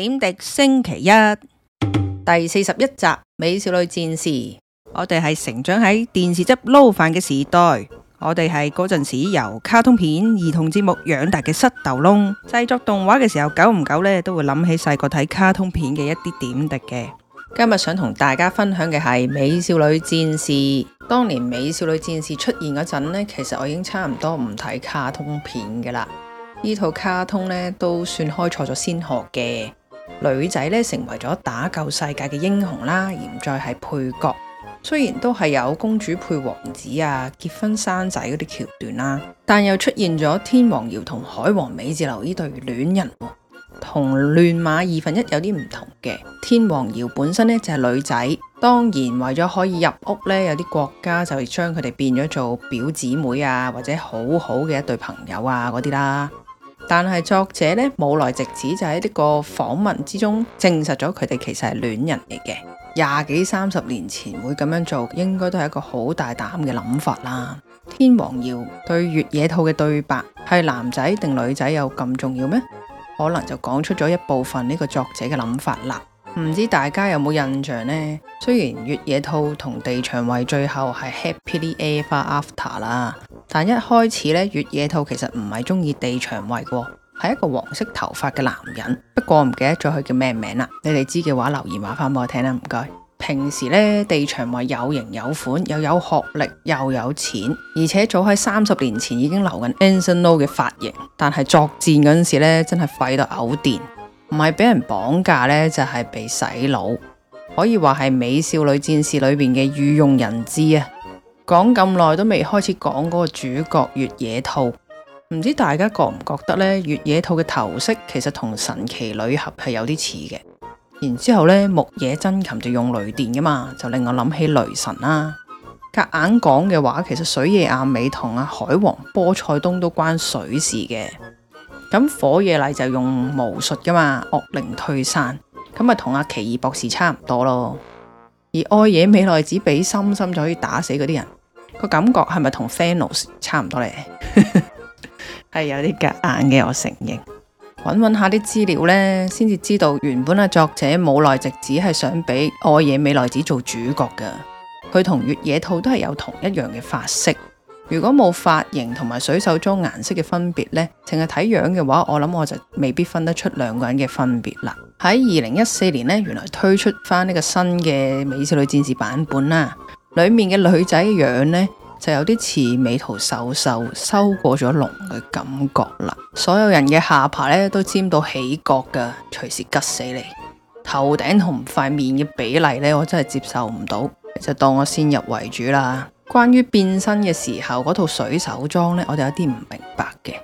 點滴星期一第四十一集《美少女戰士》，我哋係成長喺電視汁撈飯嘅時代，我哋係嗰陣時由卡通片、兒童節目養大嘅失斗窿。製作動畫嘅時候，久唔久呢都會諗起細個睇卡通片嘅一啲點滴嘅。今日想同大家分享嘅係《美少女戰士》。當年《美少女戰士》出現嗰陣呢，其實我已經差唔多唔睇卡通片㗎喇。呢套卡通呢，都算開錯咗先河嘅。女仔咧成為咗打救世界嘅英雄啦，而唔再係配角。雖然都係有公主配王子啊，結婚生仔嗰啲橋段啦，但又出現咗天王遙同海王美智留呢對戀人，同亂馬二分一有啲唔同嘅。天王遙本身咧就係女仔，當然為咗可以入屋咧，有啲國家就將佢哋變咗做表姊妹啊，或者好好嘅一對朋友啊嗰啲啦。但係作者呢冇來直指，就喺呢個訪問之中證實咗佢哋其實係戀人嚟嘅。廿幾三十年前會咁樣做，應該都係一個好大膽嘅諗法啦。天王遙對月野兔嘅對白，係男仔定女仔有咁重要咩？可能就講出咗一部分呢個作者嘅諗法啦。唔知大家有冇印象呢？雖然月野兔同地場衛最後係 Happily Ever After 啦，但一開始呢，月野兔其實唔係中意地場衛嘅，係一個黃色頭髮嘅男人。不過唔記得咗佢叫咩名啦。你哋知嘅話留言話翻俾我聽啦，唔該。平時呢，地場衛有型有款，又有學歷又有錢，而且早喺三十年前已經留緊 Anson Lo 嘅髮型，但係作戰嗰陣時咧，真係廢到嘔電。唔係俾人綁架呢，就係、是、被洗腦，可以話係《美少女戰士》裏邊嘅御用人知啊！講咁耐都未開始講嗰個主角月野兔，唔知大家覺唔覺得呢？月野兔嘅頭飾其實同神奇女俠係有啲似嘅。然之後咧，木野真琴就用雷電噶嘛，就令我諗起雷神啦。夾硬講嘅話，其實水野亞美同阿海王波塞冬都關水事嘅。咁火野麗就用巫術噶嘛，惡靈退散，咁啊同阿奇異博士差唔多咯。而愛野美奈子比心心就可以打死嗰啲人，那個感覺係咪同 Thanos 差唔多呢？係 有啲夾硬嘅，我承認。搵搵下啲資料咧，先至知道原本阿、啊、作者武內直子係想俾愛野美奈子做主角噶，佢同月野兔都係有同一樣嘅髮色。如果冇髮型同埋水手裝顏色嘅分別呢，淨係睇樣嘅話，我諗我就未必分得出兩個人嘅分別啦。喺二零一四年呢，原來推出翻呢個新嘅美少女戰士版本啦，裡面嘅女仔樣呢，就有啲似美圖秀秀修過咗容嘅感覺啦。所有人嘅下巴呢，都尖到起角㗎，隨時吉死你。頭頂同塊面嘅比例呢，我真係接受唔到，就當我先入為主啦。關於變身嘅時候嗰套水手裝呢，我哋有啲唔明白嘅。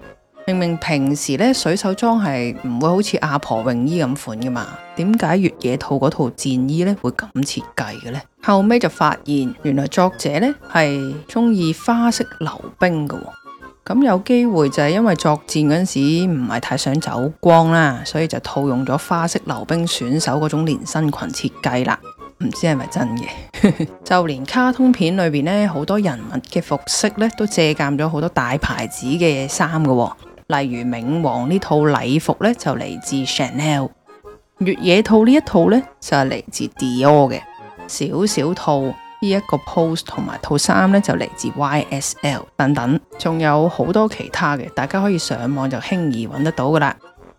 明明平時呢，水手裝係唔會好似阿婆泳衣咁款嘅嘛，點解越野兔嗰套戰衣呢，會咁設計嘅呢？後尾就發現，原來作者呢係中意花式溜冰嘅，哦，咁有機會就係因為作戰嗰陣時唔係太想走光啦，所以就套用咗花式溜冰選手嗰種連身裙設計啦。唔知係咪真嘅， 就連卡通片裏邊呢，好多人物嘅服飾呢，都借鑒咗好多大牌子嘅衫噶，例如冥王呢套禮服呢，就嚟自 Chanel，月野兔呢一套呢，就係嚟自 Dior 嘅，小小兔呢一個 pose 同埋套衫呢，就嚟自 YSL 等等，仲有好多其他嘅，大家可以上網就輕易揾得到噶啦。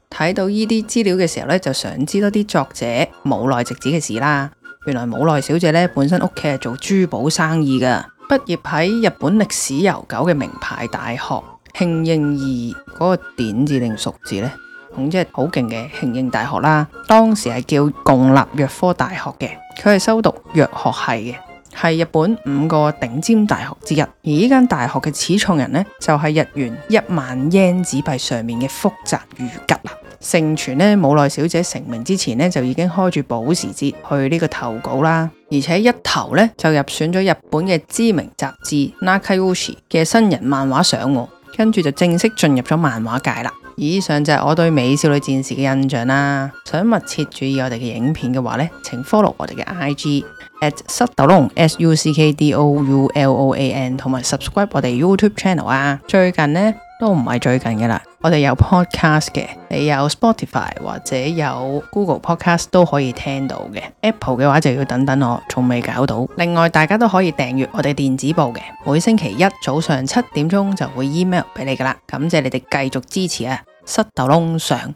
睇到呢啲資料嘅時候呢，就想知多啲作者無奈直指嘅事啦。原來冇奈小姐咧本身屋企係做珠寶生意噶，畢業喺日本歷史悠久嘅名牌大學慶應二嗰個點字定熟字呢？咁即係好勁嘅慶應大學啦。當時係叫共立藥科大學嘅，佢係修讀藥學系嘅，係日本五個頂尖大學之一。而呢間大學嘅始創人呢，就係、是、日元一萬円紙幣上面嘅福澤諭吉啦。盛傳呢，武內小姐成名之前呢，就已經開住保時捷去呢個投稿啦，而且一投呢，就入選咗日本嘅知名雜誌《Nakayoshi》嘅新人漫畫賞，啊，跟住就正式進入咗漫畫界啦。以上就係我對美少女戰士嘅印象啦。想密切注意我哋嘅影片嘅話呢，請 follow 我哋嘅 IG s, alon, S U C K D O U L O A N suckdoulan，同埋 subscribe 我哋 YouTube channel 啊。最近呢，都唔係最近嘅啦。我哋有 podcast 嘅，你有 Spotify 或者有 Google Podcast 都可以聽到嘅。Apple 嘅話就要等等我，仲未搞到。另外，大家都可以訂閱我哋電子報嘅，每星期一早上七點鐘就會 email 俾你㗎喇。感謝你哋繼續支持啊，失道弄上。